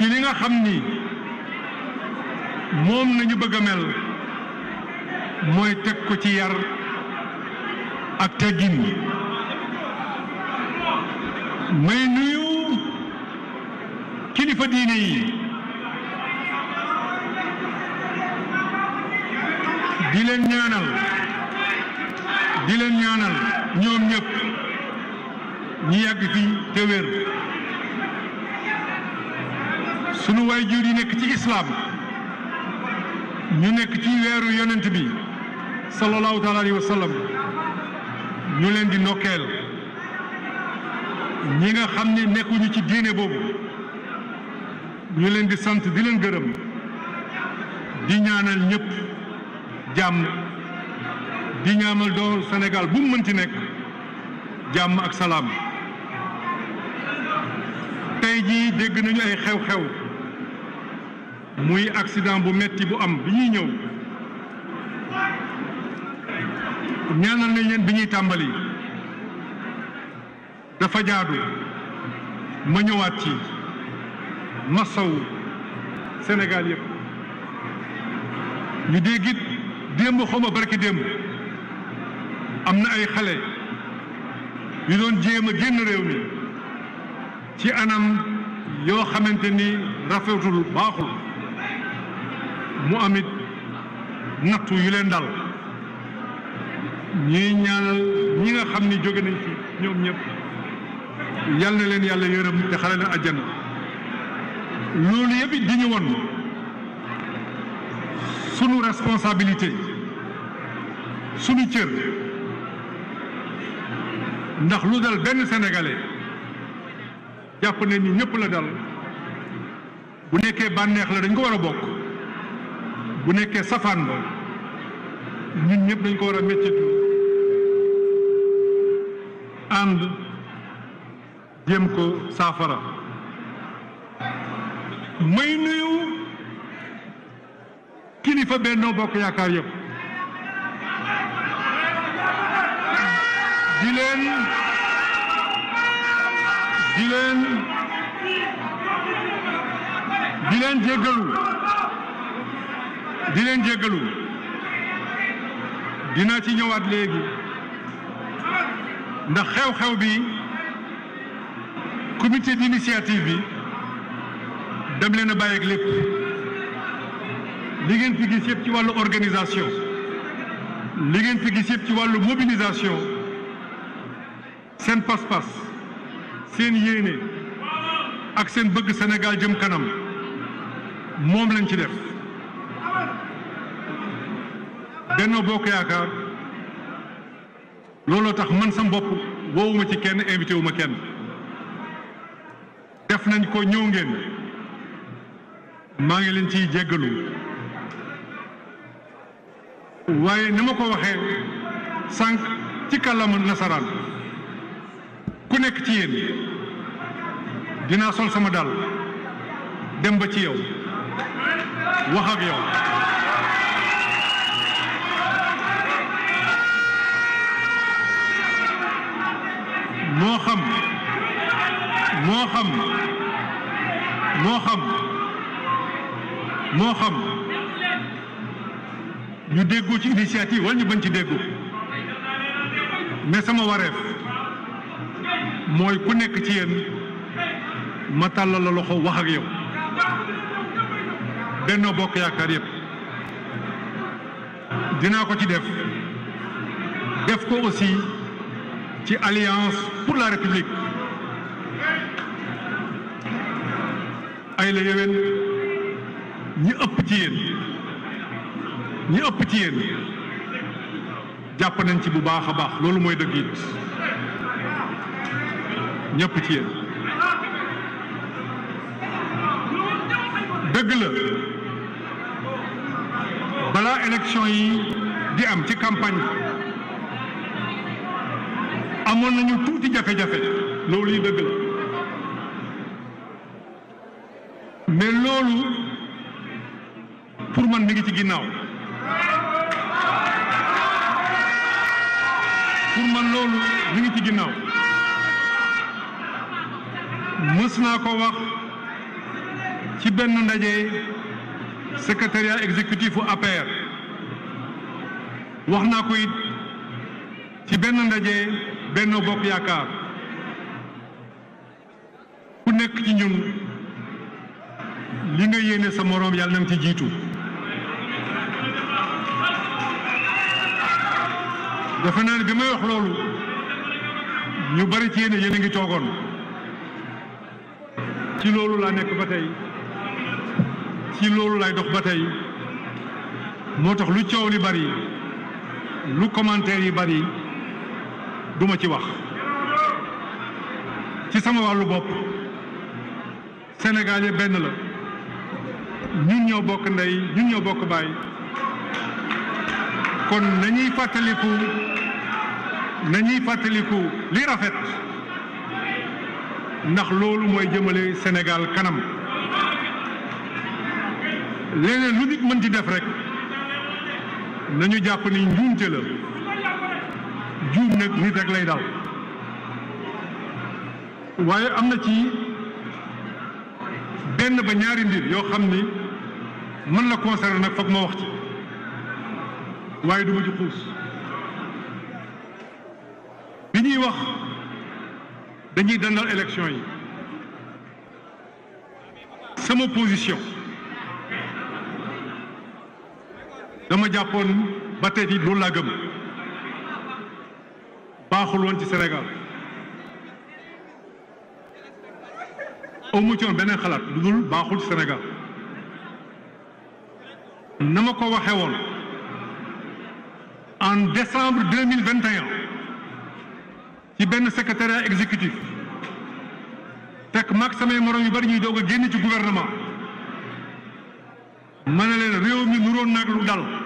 ci li nga xam ni moom nañu bëgg a mel mooy teg ko ci yar ak teggin may nuyu kilifa diine yi di leen ñaanal di ñaanal ñoom ñëpp ñi yàgg fi te wér sunu waajur yi nekk ci islaam ñu nekk ci weeru yonent bi sallallahu taala alayhi wa sallam ñu leen di nokkeel ñi nga xam ni nekkuñu ci diine boobu ñu leen di sant di leen gërëm di ñaanal ñëpp jàmm di ñaamal dool Sénégal bu mu mënti nekk jàmm ak salaam tey jii dégg nañu ay xew-xew muy accident bu metti bu am bi ñuy ñëw ñaanal nañ leen bi ñuy tàmbali dafa jaadu ma ñëwaat ci masaw senegal yëpp ñu déggit démb xawma barki démb am na ay xale ñu doon jéem a génn réew mi ci anam yoo xamante ni rafetul baaxul mu it nattu yu leen dal ñuy ñaanal ñi nga xam ni jóge nañ ci ñoom ñëpp yal na leen yàlla yërëm te xale na àjjana loolu yëpp di ñu woon sunu responsabilité sunu cër ndax lu dal benn sénégalais jàpp ne ni ñëpp la dal bu nekkee bànneex la dañ ko war a bokk bu nekkee safaan ba ñun ñëpp dañ ko war a méccitu ànd ko saafara may nuyu kilifa Benno Bokk Yaakaar yëpp di leen di leen di leen jéggalu di leen jéggalu dina ci ñëwaat léegi ndax xew-xew bi comité d'initiative bi dem leen a bàyyi ak lépp li ngeen fi gis yëpp ci wàllu organisation li ngeen fi gis yëpp ci wàllu mobilisation seen pas-pas seen yéene ak seen bëgg Sénégal jëm kanam moom lañ ci def Benno Bokk Yaakaar looloo tax mën sam bopp woowuma ci kenn invité wu ma kenn def nañ ko ñëw ngeen maa ngi leen ciy jéggalu waaye ni ma ko waxee sànq ci kàllaama nasaraan ku nekk ci yéen dinaa sol sama dàll dem ba ci yow wax ak moo xam moo xam moo xam ñu déggoo ci initiative wala ñu bañ ci déggu mais sama wareef mooy ku nekk ci yéen ma tàllal la loxo wax ak yow Benno Bokk Yaakaar yëpp dinaa ko ci def def ko aussi ci alliance pour la république ay la yéwén ñi ëpp ci yéen ñi ëpp ci yéen jàpp nañ ci bu baax a baax loolu mooy dëgg it ñëpp ci yéen dëgg la balaa élection yi di am ci campagne amoon nañu tuuti jafe-jafe loolu yi dëgg la mais loolu pour man mi ngi ci ginnaaw pour man loolu mi ci ginnaaw mës naa ko wax ci benn ndaje secrétariat exécutif u wax naa ko ci benn ndaje. benn Bokk Yaakaar ku nekk ci ñun li nga yéene sa moroom yàlla na nga ci jiitu dafa naa ne bi may wax loolu ñu bari ci yéen yéen a ngi toogoon ci loolu laa nekk ba tey ci loolu lay dox ba tey moo tax lu coow li bari lu commentaire yi bari duma ci wax ci sama wàllu bopp Sénégal benn la ñun ñoo bokk ndey ñun ñoo bokk baay kon nañuy fàttaliku nañuy fàttaliku li rafet ndax loolu mooy jëmale Sénégal kanam leneen lu nit mën ci def rek nañu jàpp ni njuumte la juum nag nit rek lay waaye am na ci benn ba ñaari mbir yoo xam ni mën la concerné nag foog ma wax waaye du ma ci xuus ñuy wax dañuy dandal élection yi sama position dama jàppoon ba tey di loolu laa gëm baaxul woon ci Sénégal amu ci beneen xalaat lu dul baaxul ci Sénégal na ma ko waxee woon en décembre deux vingt et ci benn secrétariat exécutif tek maag samay morom yu bari ñuy doog a génn ci gouvernement ma ne leen réew mi nuroon naag lu dal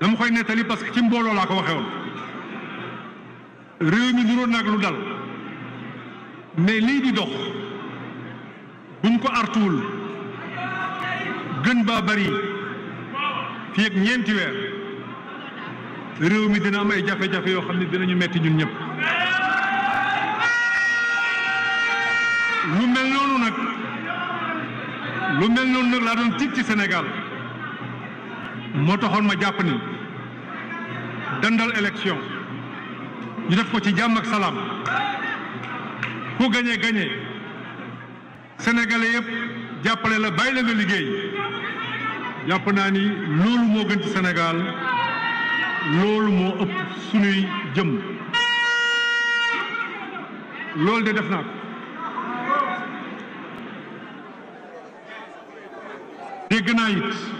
dama koy nettali parce que ci mbooloo laa ko waxee woon réew mi niroon nag lu dal mais lii di dox buñ ko artuwul gën ba bari fii ak ñeenti weer réew mi dina am ay jafe-jafe yoo xam ne dinañu metti ñun ñëpp lu mel noonu nag lu mel noonu nag laa doon tiit ci senegal moo taxoon ma jàpp ni dandal élection ñu def ko ci jàmm ak salaam ku gañee gañee sénégalais yëpp jàppale la bàyyi la nga liggéey jàpp naa ni loolu moo gën ci Sénégal loolu moo ëpp suñuy jëm loolu de def naa ko dégg naa it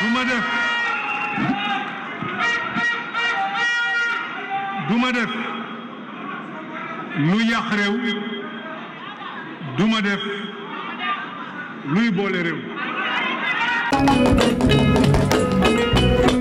du ma def du ma def lu yàq réew du ma def luy boole réew